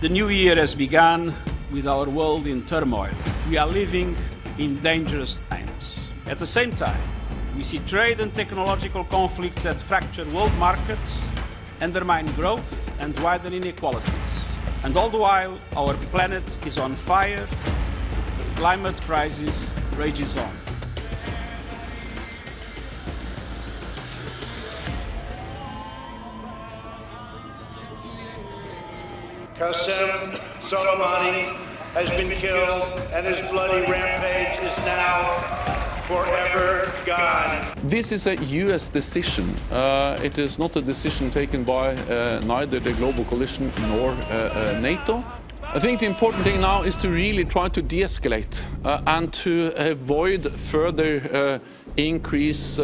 The new year has begun with our world in turmoil. We are living in dangerous times. At the same time, we see trade and technological conflicts that fracture world markets, undermine growth, and widen inequalities. And all the while, our planet is on fire, the climate crisis rages on. Qasem Soleimani has been killed and his bloody rampage is now forever gone. This is a U.S. decision. Uh, it is not a decision taken by uh, neither the global coalition nor uh, uh NATO. I think the important thing now is to really try to de-escalate uh, and to avoid further uh, increase,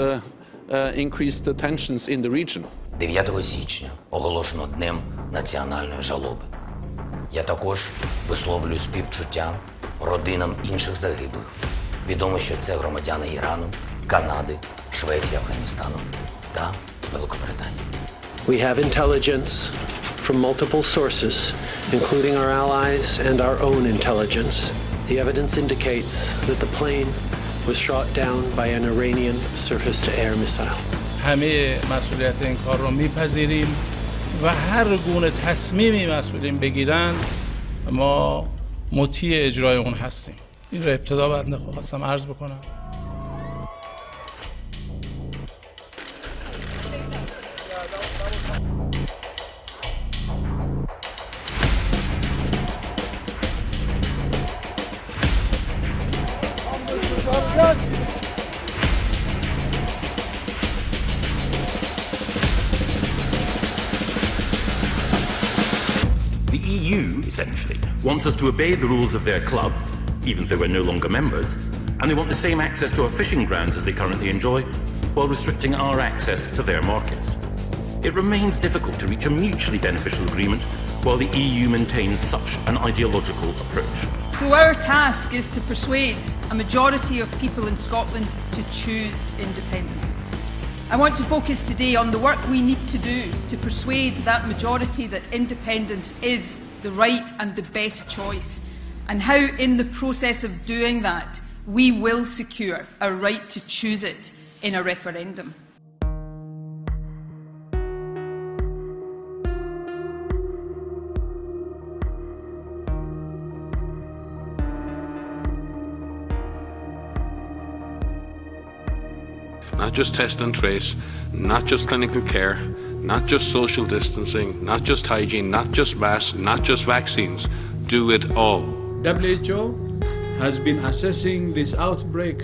increased tensions in the region. 9 січня оголошено днем національної жалоби. Я також висловлюю співчуття родинам інших загиблих. Відомо, що це громадяни Ірану, Канади, Швеції, Афганістану та Великобританії. We have intelligence from multiple sources, including our allies and our own intelligence. The evidence indicates that the plane was shot down by an Iranian surface-to-air missile. همه مسئولیت این کار رو میپذیریم و هر گونه تصمیمی مسئولین بگیرن ما مطیع اجرای اون هستیم این رو ابتدا بنده خواستم عرض بکنم essentially, wants us to obey the rules of their club, even though we're no longer members, and they want the same access to our fishing grounds as they currently enjoy, while restricting our access to their markets. It remains difficult to reach a mutually beneficial agreement while the EU maintains such an ideological approach. So, our task is to persuade a majority of people in Scotland to choose independence. I want to focus today on the work we need to do to persuade that majority that independence is the right and the best choice, and how, in the process of doing that, we will secure a right to choose it in a referendum. Not just test and trace, not just clinical care, not just social distancing, not just hygiene, not just masks, not just vaccines. Do it all. WHO has been assessing this outbreak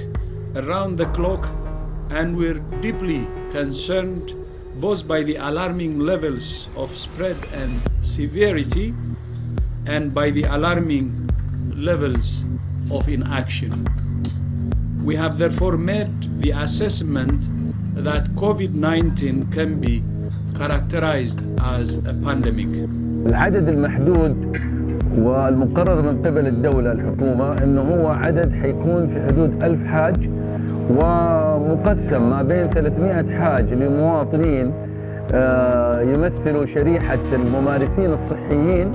around the clock and we're deeply concerned both by the alarming levels of spread and severity and by the alarming levels of inaction. We have therefore made the assessment that COVID 19 can be characterized as a pandemic. العدد المحدود والمقرر من قبل الدولة الحكومة أنه هو عدد حيكون في حدود ألف حاج ومقسم ما بين 300 حاج لمواطنين آه، يمثلوا شريحة الممارسين الصحيين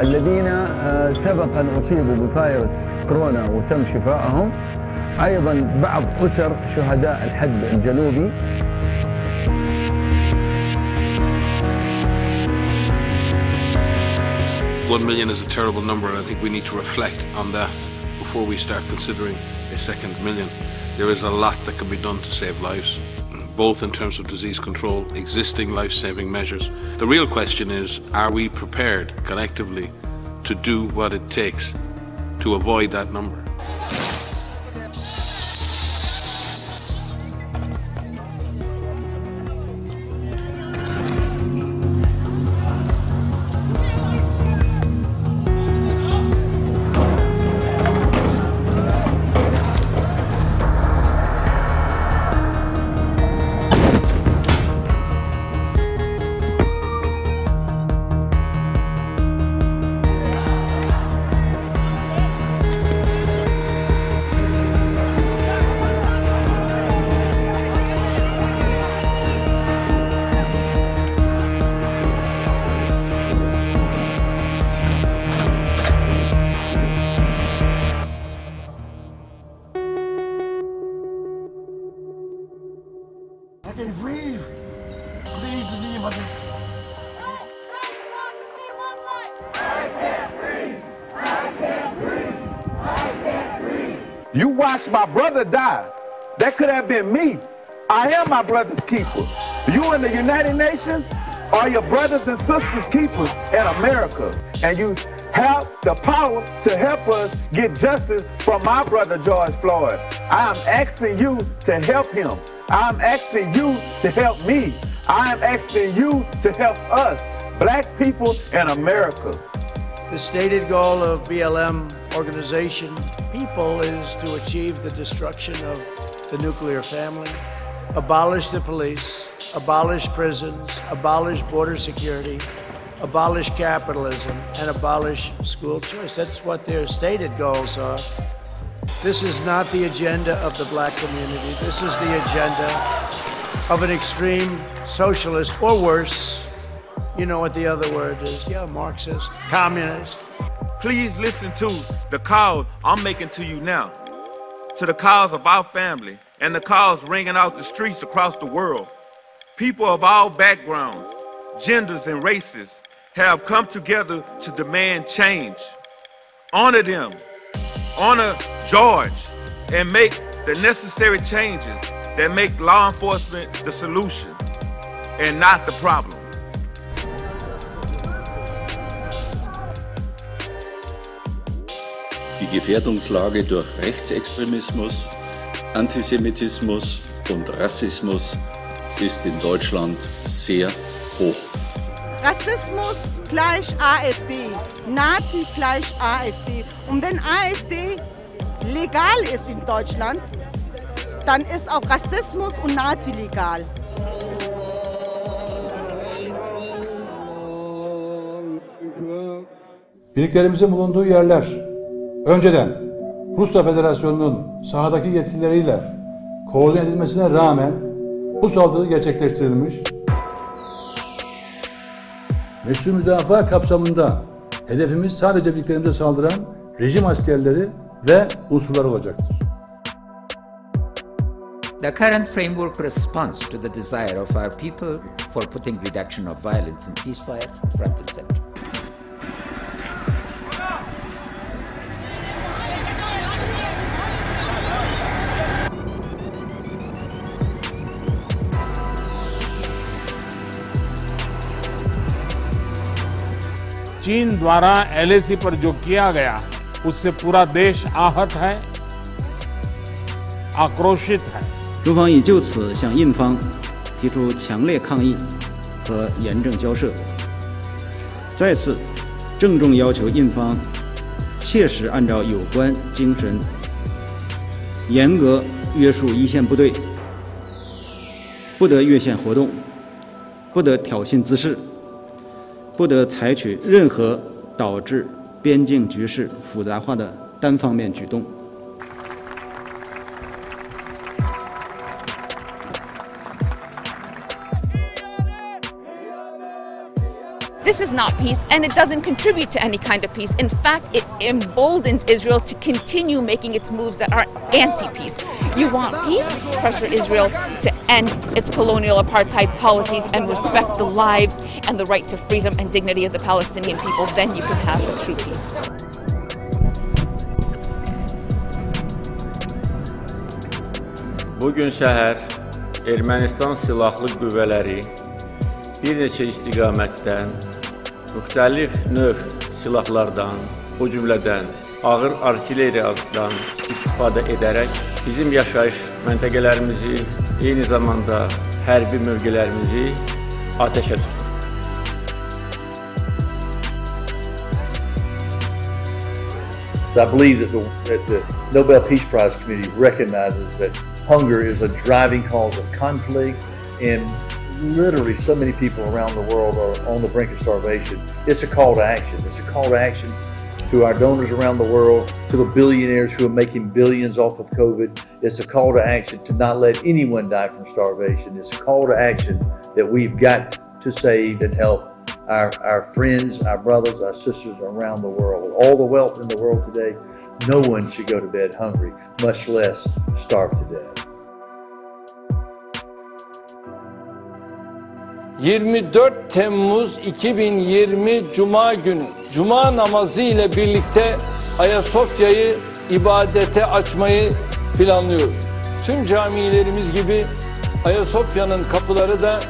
الذين آه، سبقا أصيبوا بفيروس كورونا وتم شفائهم أيضا بعض أسر شهداء الحد الجنوبي One million is a terrible number, and I think we need to reflect on that before we start considering a second million. There is a lot that can be done to save lives, both in terms of disease control, existing life saving measures. The real question is are we prepared collectively to do what it takes to avoid that number? You watched my brother die. That could have been me. I am my brother's keeper. You in the United Nations are your brothers and sisters keepers in America. And you have the power to help us get justice for my brother George Floyd. I am asking you to help him. I'm asking you to help me. I'm asking you to help us, black people in America. The stated goal of BLM organization, people, is to achieve the destruction of the nuclear family, abolish the police, abolish prisons, abolish border security, abolish capitalism, and abolish school choice. That's what their stated goals are. This is not the agenda of the black community. This is the agenda of an extreme socialist, or worse, you know what the other word is. Yeah, Marxist, communist, Please listen to the call I'm making to you now, to the calls of our family and the calls ringing out the streets across the world. People of all backgrounds, genders, and races have come together to demand change. Honor them, honor George, and make the necessary changes that make law enforcement the solution and not the problem. die Gefährdungslage durch Rechtsextremismus, Antisemitismus und Rassismus ist in Deutschland sehr hoch. Rassismus gleich AfD, Nazi gleich AfD. Und wenn AfD legal ist in Deutschland, dann ist auch Rassismus und Nazi legal. Birliklerimizin bulunduğu yerler önceden Rusya Federasyonu'nun sahadaki yetkilileriyle koordine edilmesine rağmen bu saldırı gerçekleştirilmiş. Meşru müdafaa kapsamında hedefimiz sadece birliklerimize saldıran rejim askerleri ve unsurlar olacaktır. The current framework responds to the desire of our people for putting reduction of violence and ceasefire front and center. 中方已就此向印方提出强烈抗议和严正交涉，再次郑重要求印方切实按照有关精神，严格约束一线部队，不得越线活动，不得挑衅滋事。不得采取任何导致边境局势复杂化的单方面举动。This is not peace, and it doesn't contribute to any kind of peace. In fact, it emboldens Israel to continue making its moves that are anti peace. You want peace? Pressure Israel to end its colonial apartheid policies and respect the lives and the right to freedom and dignity of the Palestinian people, then you can have a true peace. Bugün səhər Ermənistan silahlı qüvvələri bir neçə istiqamətdən, müxtəlif növ silahlardan, o cümlədən ağır artilleriyadan istifadə edərək bizim yaşayış məntəqələrimizi, eyni zamanda hərbi I believe that the, that the Nobel Peace Prize community recognizes that hunger is a driving cause of conflict and literally so many people around the world are on the brink of starvation. It's a call to action. It's a call to action to our donors around the world, to the billionaires who are making billions off of COVID. It's a call to action to not let anyone die from starvation. It's a call to action that we've got to save and help our, our friends, our brothers, our sisters around the world. With all the wealth in the world today, no one should go to bed hungry, much less starve to death. 24 Temmuz 2020 Cuma günü Cuma namazı ile birlikte Ayasofya'yı ibadete açmayı planlıyoruz. Tüm camilerimiz gibi Ayasofya'nın kapıları da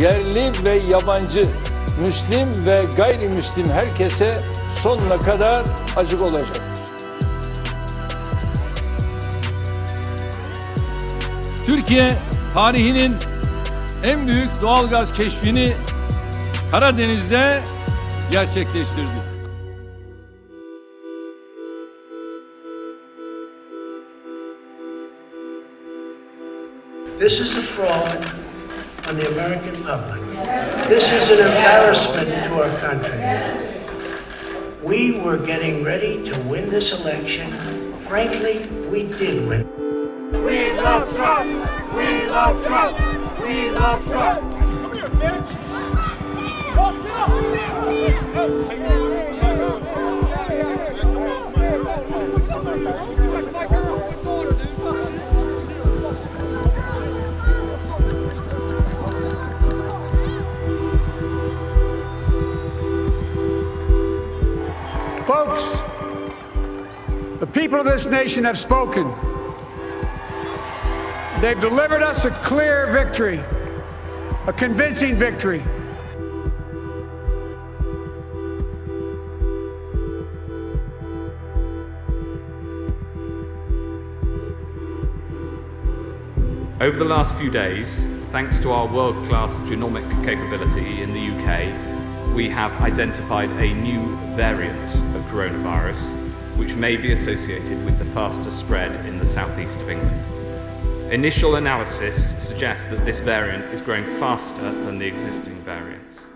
yerli ve yabancı, Müslim ve gayrimüslim herkese sonuna kadar açık olacak. Türkiye tarihinin en büyük doğalgaz keşfini Karadeniz'de This is a fraud on the American public. This is an embarrassment to our country. We were getting ready to win this election. Frankly, we did win. We love Trump! We love Trump! We love Trump! Come here, bitch! Folks, the people of this nation have spoken. They've delivered us a clear victory, a convincing victory. Over the last few days, thanks to our world-class genomic capability in the UK, we have identified a new variant of coronavirus, which may be associated with the fastest spread in the southeast of England. Initial analysis suggests that this variant is growing faster than the existing variants.